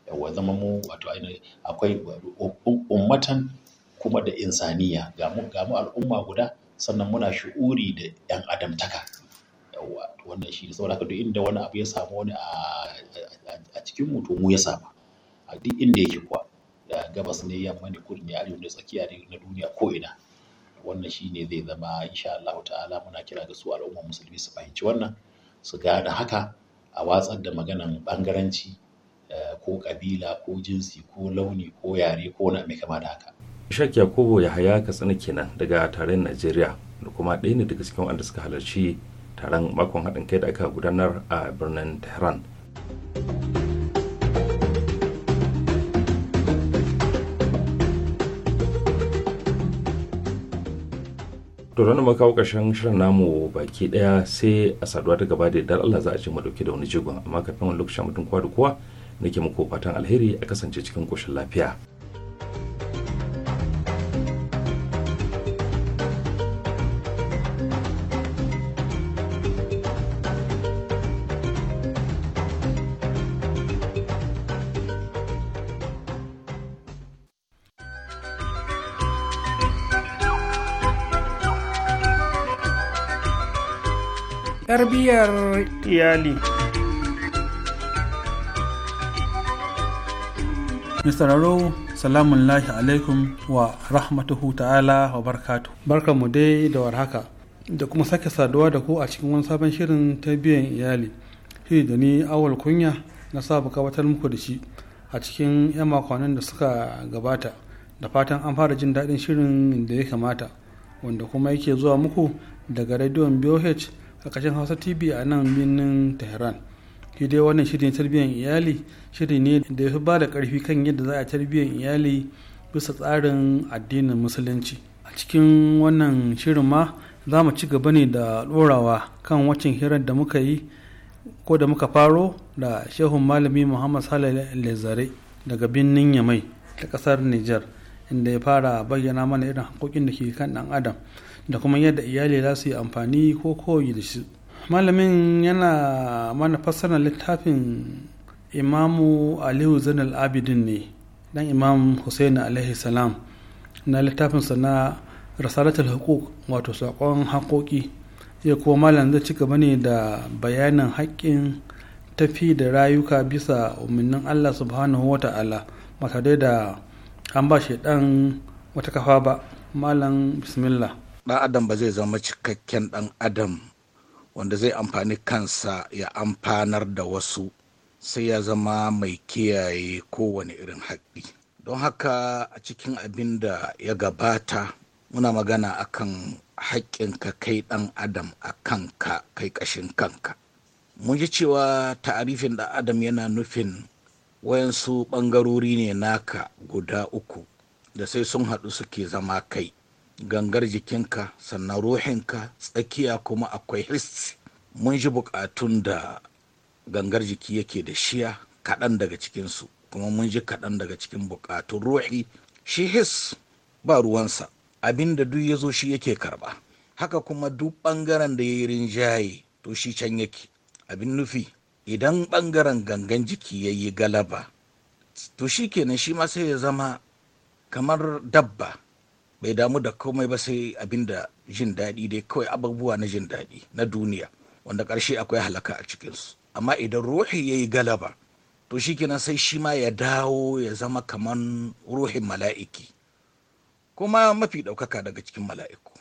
yawa zama mu wato ainihin akwai ummatan kuma da insaniya ga mu al'umma guda sannan muna shi'uri da yan adamtaka yawa wannan shi saboda haka duk inda wani abu ya samu wani a cikin mutu mu ya samu. a duk inda yake kuwa da gabas ne yamma ne kudu ne arewa ne tsakiya ne na duniya ko ina wannan shi ne zai zama insha Allah ta'ala muna kira ga su al'ummar musulmi su fahimci wannan su gane haka a watsar da maganan bangaranci eh, ko kabila ko jinsi ko launi ko yare ko na mai kama da haka ishak yakubu yahaya katsina kenan daga tarayyar najeriya da kuma ɗaya ne daga cikin wanda suka halarci taron makon haɗin kai da aka gudanar a birnin tehran turan mu kawo ƙarshen shirin namu baki ɗaya sai a saduwa ta gaba da dar Allah za a ce mu dauke da wani jigon amma kafin wani lokacin mutum kowa da kowa nake muku fatan alheri a kasance cikin koshin lafiya tarbiyyar iyali mistararo salamun lahi alaikum wa rahmatuhu ta'ala wa barkatu barka mu dai da warhaka da kuma sake saduwa da ku a cikin wani sabon shirin ta biyan iyali shi da ni awal kunya na sabu kawatar muku da shi a cikin 'yan makonnin da suka gabata da fatan an fara jin daɗin shirin da ya kamata wanda kuma yake zuwa muku daga rediyon BOH a ƙarshen hausa tv a nan birnin tehran shi dai wannan shirin tarbiyyar iyali shiri ne da ya fi ba da ƙarfi kan yadda za a tarbiyyar iyali bisa tsarin addinin musulunci a cikin wannan shirin ma za mu ci gaba ne da ɗorawa kan wacin hirar da muka yi ko da muka faro da shehun malami muhammad salih lezare daga birnin yamai ta ƙasar niger inda ya fara bayyana mana irin haƙoƙin da ke kan ɗan adam da kuma yadda iyali za su yi amfani ko koyi da shi malamin yana mana fassarar littafin imamu aliyu zainal abidin ne dan imam hussein alaihi salam na sa na rasalatul hukuk wato sakon haƙoƙi ya kuma malam zai ci gaba ne da bayanin haƙƙin tafi da rayuka bisa umarnin allah subhanahu wa ta'ala ba tare da an ba shi dan wata kafa ba malam bismillah ɗan adam ba zai zama cikakken ɗan adam wanda zai amfani kansa ya amfanar da wasu sai ya zama mai kiyaye kowane irin haƙƙi don haka a cikin abin da ya gabata muna magana akan haƙƙinka kai ɗan adam a kanka kai ƙashin kanka mun ji cewa ta'arifin ɗan adam yana nufin wayansu ɓangarori ne naka guda uku da sai sun haɗu suke zama kai gangar jikinka sannan ruhinka tsakiya kuma akwai hirsi mun ji bukatun da gangar jiki yake da shiya kaɗan daga cikinsu kuma mun ji kaɗan daga cikin bukatun ruhi shi his ba ruwansa abin da duk ya zo shi yake karɓa haka kuma duk ɓangaren da ya yi rinjaye to shi can yake abin nufi idan ɓangaren gangan jiki ya yi galaba to shi kenan shi ma sai ya zama kamar dabba bai damu da komai ba sai abin da jin daɗi dai kawai abubuwa na jin daɗi na duniya wanda ƙarshe akwai halaka a cikinsu amma idan ruhi ya yi galaba to shi kenan sai shi ma ya dawo ya zama kaman ruhin mala'iki kuma mafi ɗaukaka daga cikin mala'iku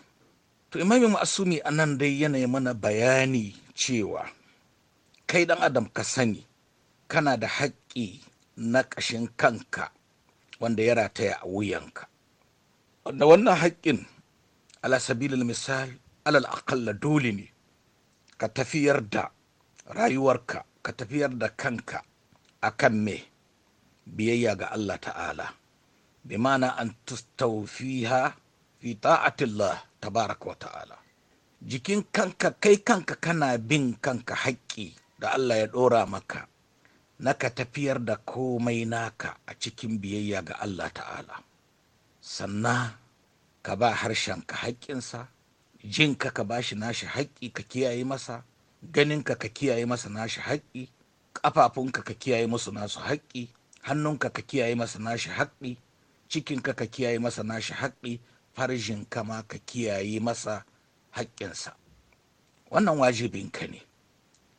to imamin asumi a nan dai yanayi mana bayani cewa kai ɗan adam ka sani kana da haƙƙi na ƙashin kanka wanda ya rataya a wuyanka wanda wannan haƙƙin ala misal alal aƙalla dole ne ka tafiyar da rayuwarka ka tafiyar da kanka a kan me biyayya ga Allah ta'ala bi mana an tustawfiha fi ta'atillah tabaraka wa ta'ala jikin kanka kai kanka kana bin kanka haƙƙi da Allah ya ɗora maka na ka tafiyar da komai naka a cikin biyayya ga Allah ta'ala sannan ka ba harshenka haƙƙinsa jinka ka ba bashi nashi haƙƙi ka kiyaye masa ganinka ka kiyaye masa nashi haƙƙi ƙafafunka ka kiyaye musu nasu haƙƙi hannunka ka kiyaye masa nashi haƙƙi cikinka ka kiyaye masa nashi haƙƙi farjinka ma ka kiyaye masa haƙƙinsa wannan wajibinka ne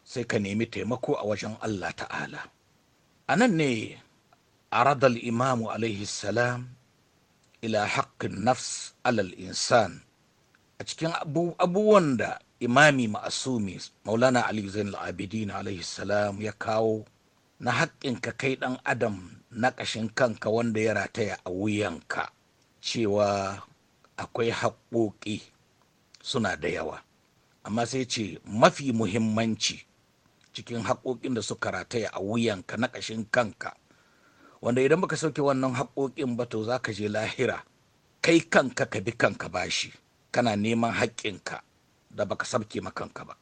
sai ka nemi taimako a wajen Allah ta'ala a nan ne radar imamu alaihi salam ila haƙƙin nafs alal insan a cikin abubuwan da imami ma'asumi maulana ali zainul abidin alaihi salam ya kawo na haƙƙin ka kai ɗan adam na ƙashin kanka wanda ya rataya a wuyanka cewa akwai haƙƙoƙi suna da yawa amma sai ce mafi muhimmanci cikin haƙoƙin da suka rataya a wuyanka na ƙashin kanka wanda idan baka sauke wannan haƙoƙin ba to za ka je lahira kai kanka ka bi kanka bashi kana neman haƙƙinka da baka sabke ma ba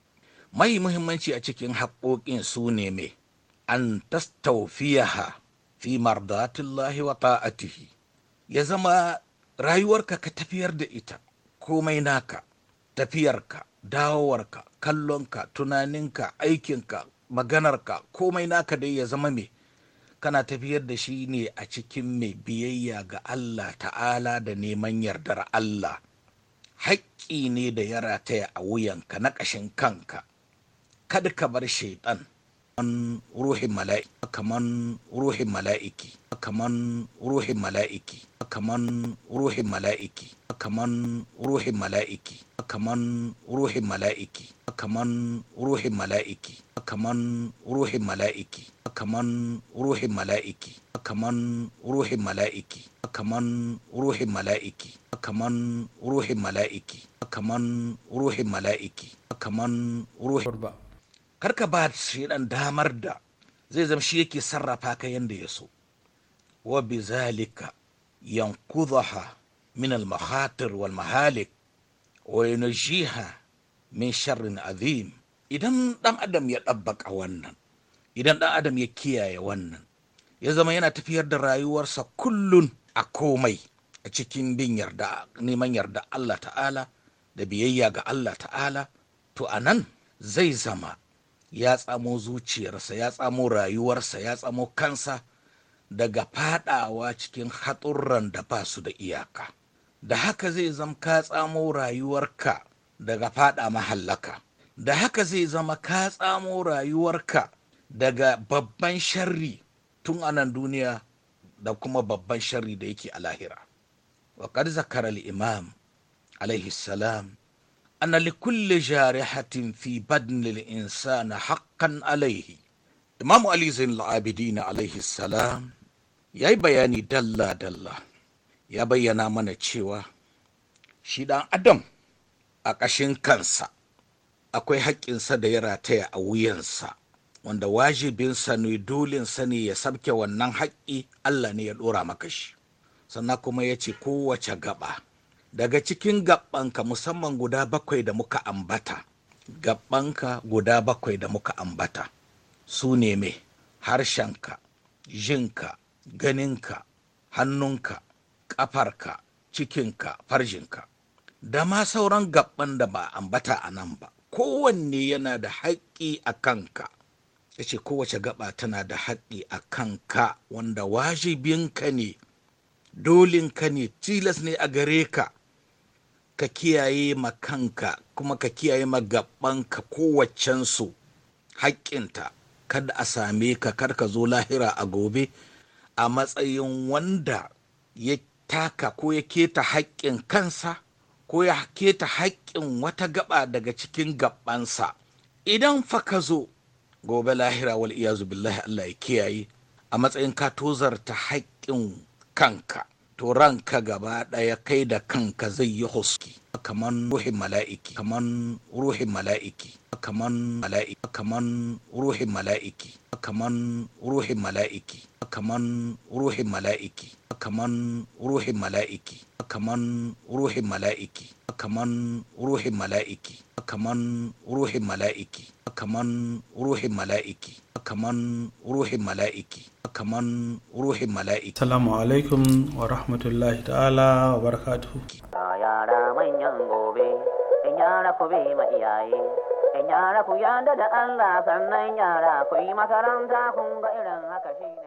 mai muhimmanci a cikin haƙoƙin su ne me an tastawfiyaha fi mardatillahi wa ta'atihi ya zama rayuwarka ka tafiyar da ita komai naka tafiyarka dawowarka kallonka tunaninka aikinka maganarka komai naka dai ya zama me kana tafiyar da shi ne a cikin mai biyayya ga Allah ta'ala da neman yardar Allah haƙƙi ne da ya rataya a wuyanka na ƙashin kanka kada ka bar shaiɗan kaman ruhin mala'iki kaman ruhin mala'iki kaman ruhin mala'iki kaman ruhin mala'iki kaman ruhin mala'iki kaman ruhin mala'iki kaman ruhin mala'iki kaman ruhin mala'iki kaman ruhin mala'iki kaman ruhin mala'iki kaman ruhin mala'iki kaman ruhin mala'iki kaman ruhin mala'iki kaman ruhin karka ba shi dan damar da zai zama shi yake sarrafa ka yanda ya so wa bi zalika yankudaha min al mahatir wal mahalik wa yunjiha min sharrin azim idan dan adam ya dabbaka wannan idan dan adam ya kiyaye wannan ya zama yana tafiyar da rayuwarsa kullun a komai a cikin bin yarda neman yarda Allah ta'ala da biyayya ga Allah ta'ala to anan zai zama ya tsamo zuciyarsa ya tsamo rayuwarsa ya tsamo kansa daga fadawa cikin haɗurran da ba su da iyaka da haka zai zama ka tsamo rayuwarka daga fada mahallaka da haka zai zama ka tsamo rayuwarka daga babban sharri tun anan duniya da kuma babban sharri da yake a lahira wa Zakaral imam alaihi salam أن لكل جارحة في بدن الإنسان حقا عليه Imam Ali Zainul Abidin alaihi salam ya yi bayani dalla-dalla ya bayyana mana cewa shi dan adam a ƙashin kansa akwai haƙƙinsa da ya rataya a wuyansa wanda wajibinsa ne dolinsa ne ya sabke wannan haƙƙi Allah ne ya ɗora maka shi Sana kuma ya ce kowace gaɓa. daga cikin gaɓanka musamman guda bakwai da muka ambata gaɓanka guda bakwai da muka ambata su ne me harshenka jinka ganinka hannunka ƙafarka cikinka farjinka da ma sauran gaɓan da ba ambata a nan ba kowanne yana da haƙƙi a kanka ya ce kowace gaba tana da haƙƙi a kanka wanda wajibinka ne dolinka ne tilas ne a gare ka ka kiyaye ma kanka kuma ka kiyaye ma kowaccen kowaccensu haƙƙinta kada a same ka kar ka zo lahira a gobe a matsayin wanda ya taka ko ya keta haƙƙin kansa ko ya keta haƙƙin wata gaba daga cikin gabansa idan fa ka zo gobe lahira wal iyazu billahi Allah ya kiyaye a matsayin ka tozarta haƙƙin kanka to ranka gaba ɗaya kai da kanka zai yi huski kaman ruhin mala'iki kaman ruhin mala'iki kaman mala'iki kaman ruhin mala'iki kaman ruhin mala'iki kaman ruhin mala'iki kaman ruhin mala'iki kaman ruhin mala'iki kaman ruhin mala'iki kaman ruhin mala'iki kaman ruhin mala'iki kaman ruhin mala'iki kaman ruhin mala'iki salamu alaikum wa rahmatullahi ta'ala wa barakatuhu yara manyan gobe in yara ku bi ma iyaye Yara ku yarda da Allah sannan yara ku yi makaranta kun ga irin haka shi ne.